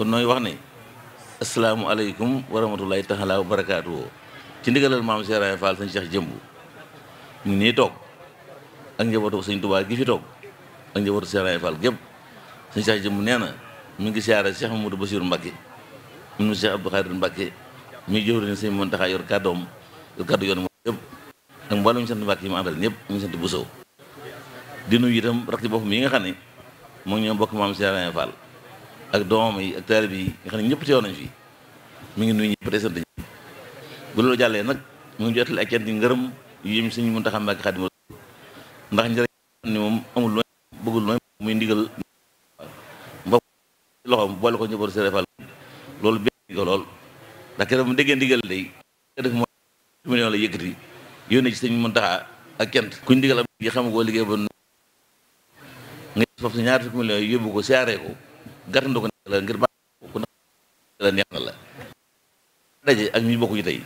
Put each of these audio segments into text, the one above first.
kon nooy wax ne asalaamualeykum wa rahmatulahi taala wa barakaatu ci ndigalal maam Serigne Fall sëñ Cheikh Jëmb ni nii toog ak njabootu sëñ Tuubaa gi fi toog ak njabootu Serigne Fall gépp sëñ Cheikh Jëmb nee na mi ngi siyaare Cheikh Mamadou Bassirou Mbacké mi Cheikh Abdou Khadir Mbacké mi jëwri ne sëñ Mountakha yor kàddoom yor kàddu yoon moom ak mboolem sant Mbacké yi mu àndal di nuyu itam rakk ci boppam nga xam bokk Fall ak doomam yi ak taalibe yi nga xam ne ñëpp te nañ fi mu ngi nuyu ñëpp di sant ñëpp bu loolu jàllee nag mu ngi jotale ak cant yi ngërëm yu yëm Sëriñ Muntaxa Mbàkke Xaadimu ndax njëriñ ni bëggul looy muy ndigal mbokk loxoom boole loolu benn ko lool ndax keroog mu déggee ndigal day def mooy million la yëkkati yónnee ci Sëriñ Muntaxa ak cant ku ndigal am yi xam nga liggéey ba nga foofu ñaar fukki million yóbbu ko siyaaree ko gàttandu ko la ngir baax na la neex na la ak ñi bokkuñu tey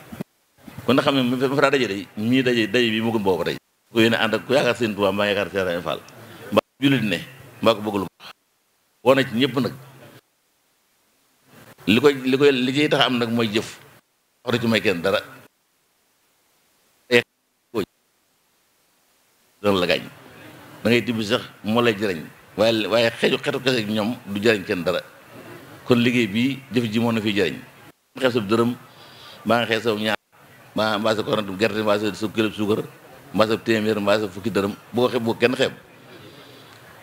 kon na xam ne ma fa daje day mii daje daje bi mu gën boobu tey ko yéene ànd ak ku yaakaar seen tubaab mbaa yaakaar seen Fall mbaa jullit ne mbaa ko bëgg lu baax woo na ci ñëpp nag li koy li koy li ciy tax am nag mooy jëf wax ci may kenn dara dana la gaañ da moo lay jëriñ waaye waaye xeeju xeetu kese gi ñoom du jëriñ kenn dara kon liggéey bii jëf ji moo na fiy jëriñ xeeb dërëm maa nga xeeb sa ñaar maa mbaa sa korante gerte mbaa sa sa kilo suukar mbaa sa téeméer mbaa fukki dërëm bu ko xeeb kenn xeeb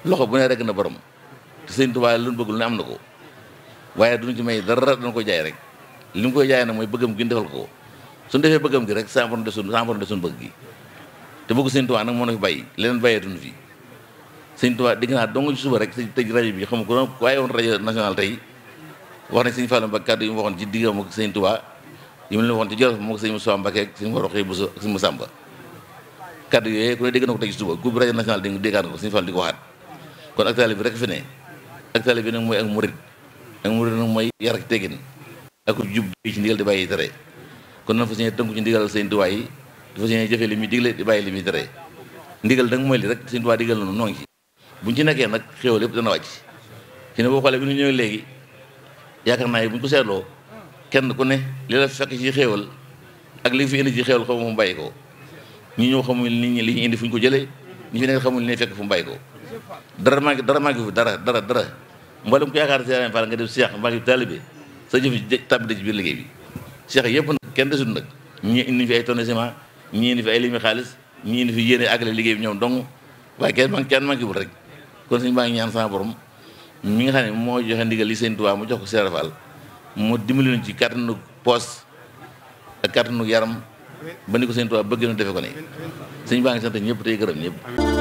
loxo bu ne rek na borom te sëñ Tuubaa lu bëggul ne am na ko waaye duñu ci may dara dañ ko jaay rek li mu koy jaay nag mooy bëggam gi defal ko suñu defee bëggam gi rek 100 de suñu 100 pour cent bëgg gi te bëgg sëñ Tuubaa nag moo na fi bàyyi leneen bàyyeetuñu fii sëñ Tuubaa dégg naa dong ci suba rek sëñ tëj rajo bi xam ko doon waaye woon rajo national tey wax nañ sëñ Fallou Mbacké kàddu yi mu waxoon ci diggam ak sëñ Tuubaa yi mu leen waxoon ci Jolof moo ko sëñ Moussa Mbacké ak sëñ Mor Roxaya Bousso ak na ko tey ci suba groupe rajo national dégg déggaan di bi rek fi ne ak bi nag mooy ak murid ak murid nag mooy yar ak teggin ak jub ci ndigal di bàyyi tere kon nan fa seen tënku ci ndigal yi dafa li muy digle di bàyyi li muy tere ndigal nag mooy li rek sëñ Tuubaa digal na noonu noo buñ ci nekkee nag xéwal yëpp dana wàcc si ne boo xoolee bi ñu ñëwee léegi yaakaar naa yi buñ ko seetloo kenn ku ne li la fekk ci xéwal ak li fi indi ci xéwal ma mu bàyyi ko ñi ñëw xamul nit ñi li ñu indi fu ko jëlee ñi fi nekk xamul li ñuy fekk fu mu bàyyi ko dara maa ngi dara maa ngi dara dara dara mboolem ko yaakaar Serigne Fall nga def seex mbaa ngi taalibe sa jëf tàbbi ci biir liggéey bi seex yëpp nag kenn desul nag ñii indi fi ay tonne ciment ñii indi fi ay limi xaalis ñii indi fi yéene àggale liggéey bi ñoom dong waaye kenn kenn man ki wut kon suñu baa ngi ñaan sama borom mi nga xam ne moo joxe ndigal li sëñ Tuubaa mu jox ko Cheikh Ibra mu dimbali ñu ci kàttanu poos ak kàttanu yaram ba ni ko sëñ Tuubaa bëgg na defe ko ne suñ baa ngi sant ñëpp tey gërëm ñëpp